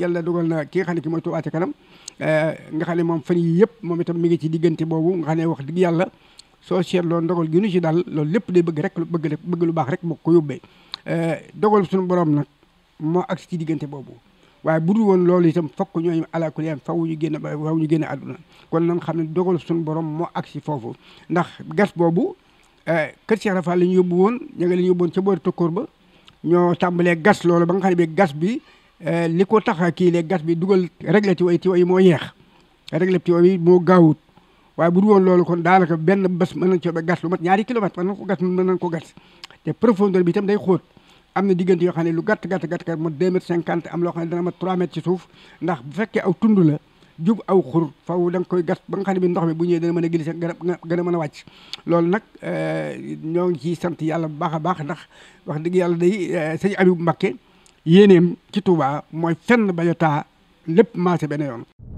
yàlla dogal na ki nga xam ne ki mooy Touba kanam eh, nga xam ne moom fan yii yëpp moom itam mi ngi ci diggante boobu nga xam ne wax dëgg yàlla soo seetloo ndogal gi nu ci daal loolu lépp day bëgg rek bëgg bëgg lu baax rek moo ko yóbbee eh, dogal suñu boroom nag moo agsi ci diggante boobu waaye budul woon loolu itam fokk ñooñu alakuli yaan faw ñu génn faw ñu génn àdduna kon nan xam ne dogal suñu borom moo agsi foofu ndax gas boobu eh, kër Cheikh Rafa la ñu yóbbu woon ña nga la ñu yóbbu woon ca boori tokkoor ba ñoo tàmbalee gas loolu ba nga xam ne bi gas bi Eh, li ko tax a kii léegi gas bi dugal réglé ci way ci way moo yeex réglé ci way moo gaawut waaye bu du woon loolu kon daanaka benn bës mën nañ ci ba gas lu mat ñaari kilomètre mën nañ ko gas mën nañ ko gas te profondeur bi itam day xóot am na diggante yoo xam ne lu gàtt gàtt gàtt kat mat deux mètres cinquante am loo xam ne dana mat trois mètres suuf ndax bu fekkee aw tund la jub aw xur faw da koy gas ba nga xam ne bi ndox mi bu ñëwee dana mën a glisser gën a mën a wàcc loolu nag eh, ñoo ngi ciy sant yàlla bu baax a baax ndax wax dëgg yàlla day eh, sëñ Abibu Mbakke yéeneem ci Touba mooy fenn bañ a taa lépp maase benn yoon.